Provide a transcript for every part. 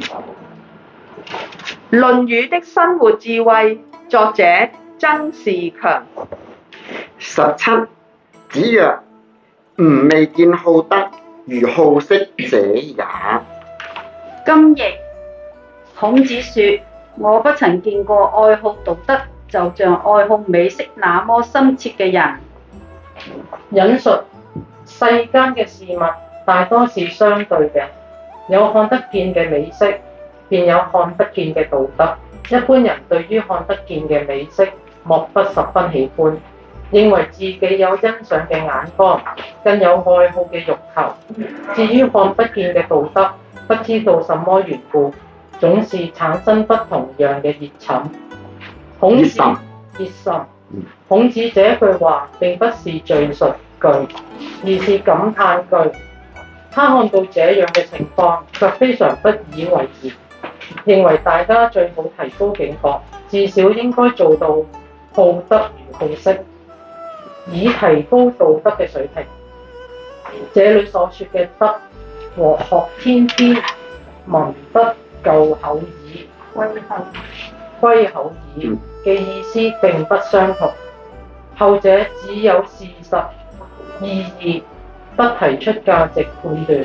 《論語》的生活智慧，作者曾仕強。十七，子曰：吾未見好德如好色者也。今亦，孔子說，我不曾見過愛好道德就像愛好美色那麼深切嘅人。引述，世間嘅事物大多是相對嘅。有看得見嘅美色，便有看不見嘅道德。一般人對於看得見嘅美色，莫不十分喜歡，認為自己有欣賞嘅眼光，更有愛好嘅慾求。至於看不見嘅道德，不知道什麼緣故，總是產生不同樣嘅熱忱。熱忱，熱忱。孔子這句話並不是敘述句，而是感嘆句。他看到這樣嘅情況，卻非常不以為然，認為大家最好提高警覺，至少應該做到好德如好色，以提高道德嘅水平。這裡所說嘅德和學天之文德舊口耳，歸口耳嘅意思並不相同，後者只有事實意義。不提出價值判斷，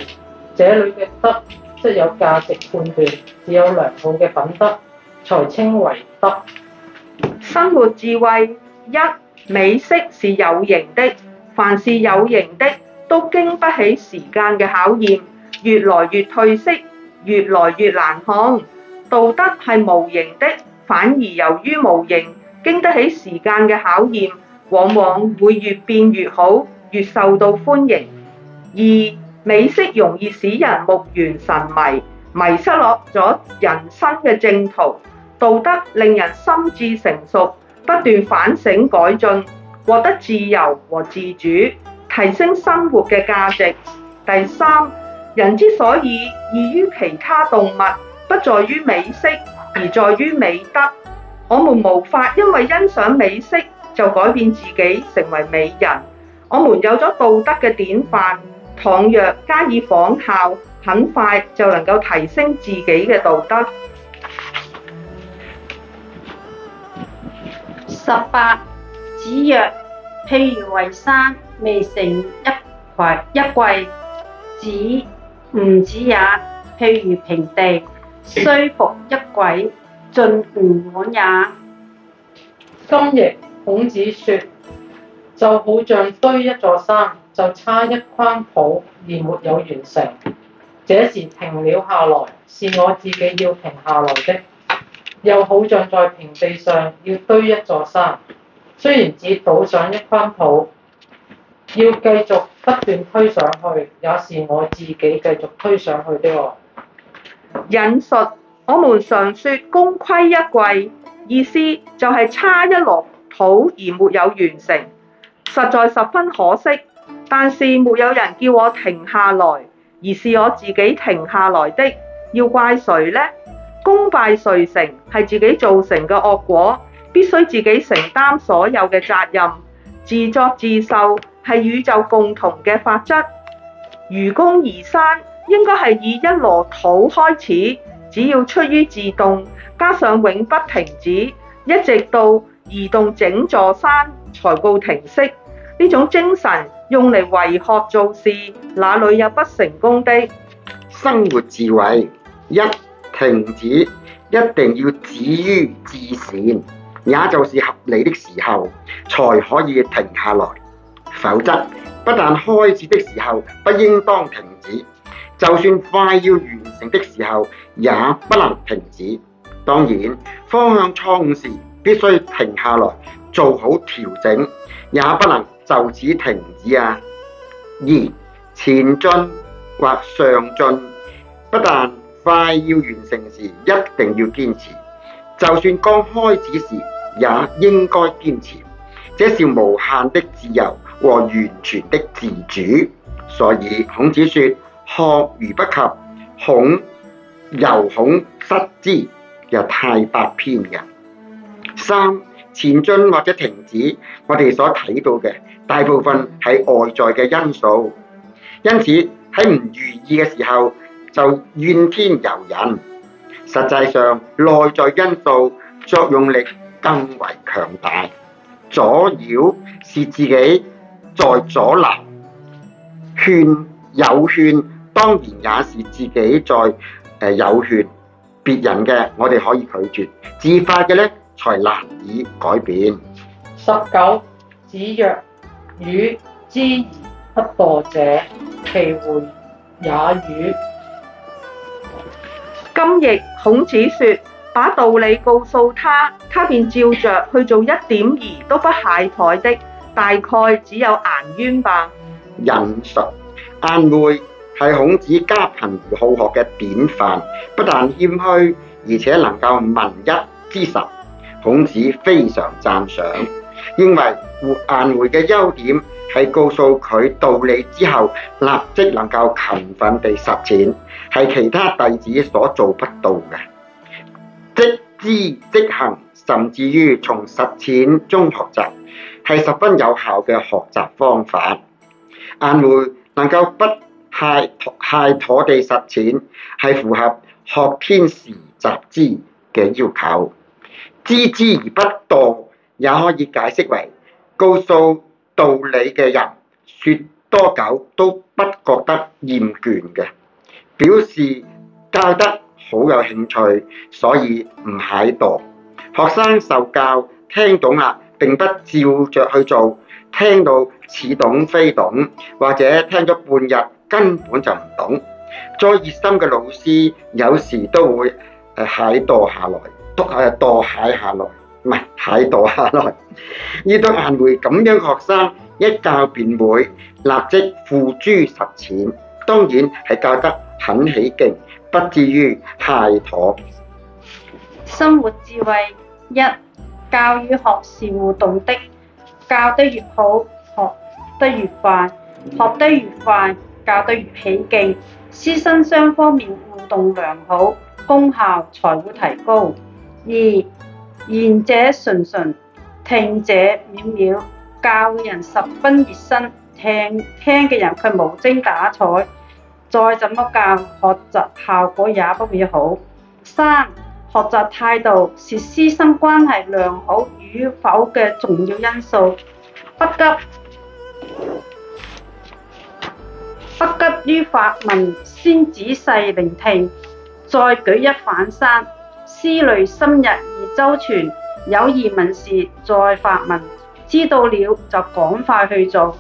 這裡嘅德則有價值判斷，只有良好嘅品德，才稱為德。生活智慧，一、美色是有形的，凡是有形的都經不起時間嘅考驗，越來越褪色，越來越難看。道德係無形的，反而由於無形，經得起時間嘅考驗，往往會越變越好，越受到歡迎。二，倘若加以仿效，很快就能夠提升自己嘅道德。十八，子曰：譬如為山，未成一簣一簣，止，吾止也；譬如平地，雖覆一簣，進吾往也。今日孔子說，就好像堆一座山。就差一筐土而沒有完成，這時停了下來，是我自己要停下來的。又好像在平地上要堆一座山，雖然只倒上一筐土，要繼續不斷推上去，也是我自己繼續推上去的。引述：我們常說功虧一簣，意思就係差一籮土而沒有完成，實在十分可惜。但是沒有人叫我停下來，而是我自己停下來的。要怪誰呢？功敗垂成係自己造成嘅惡果，必須自己承擔所有嘅責任。自作自受係宇宙共同嘅法則，愚公移山應該係以一籮土開始，只要出於自動，加上永不停止，一直到移動整座山才告停息。呢種精神。用嚟為學做事，哪裏有不成功的？生活智慧一，停止，一定要止於至善，也就是合理的時候才可以停下來。否則，不但開始的時候不應當停止，就算快要完成的時候也不能停止。當然，方向錯誤時必須停下來做好調整，也不能。就此停止啊！二前進或上進，不但快要完成時一定要堅持，就算剛開始時也應該堅持。這是無限的自由和完全的自主。所以孔子說：學如不及恐，恐猶恐失之，又泰伯篇的。三。前進或者停止，我哋所睇到嘅大部分係外在嘅因素，因此喺唔如意嘅時候就怨天尤人。實際上內在因素作用力更為強大，阻撓是自己在阻擋，勸有勸當然也是自己在誒有勸別人嘅，我哋可以拒絕。自發嘅呢。才難以改變。十九，子曰：語之而不惰者，其回也與。今譯，孔子説：把道理告訴他，他便照著去做，一點兒都不懈怠的，大概只有顏淵吧。仁術，顏回係孔子家貧而好學嘅典範，不但謙虛，而且能夠聞一知十。孔子非常讚賞，認為顏回嘅優點係告訴佢道理之後，立即能夠勤奮地實踐，係其他弟子所做不到嘅。即知即行，甚至於從實踐中學習，係十分有效嘅學習方法。顏回能夠不懈、懈妥地實踐，係符合學天時習之嘅要求。知之而不惰，也可以解釋為告訴道理嘅人，説多久都不覺得厭倦嘅，表示教得好有興趣，所以唔懈惰。學生受教聽懂啦，並不照着去做，聽到似懂非懂，或者聽咗半日根本就唔懂，再熱心嘅老師有時都會誒懈惰下來。督下又墮蟹下落，唔係蟹墮下落。呢啲顏回咁樣，學生一教便會，立即付諸實踐。當然係教得很起勁，不至於太妥。生活智慧一：教與學是互動的，教得越好，學得越快；學得越快，教得越起勁。師生雙方面互動良好，功效才會提高。二言者諄諄，聽者藐藐，教人十分熱心，聽聽嘅人佢無精打采，再怎麼教，學習效果也不會好。三學習態度是師生關係良好與否嘅重要因素。不急，不急於發問，先仔細聆聽，再舉一反三。思慮深入而周全，有疑問時再發問，知道了就趕快去做。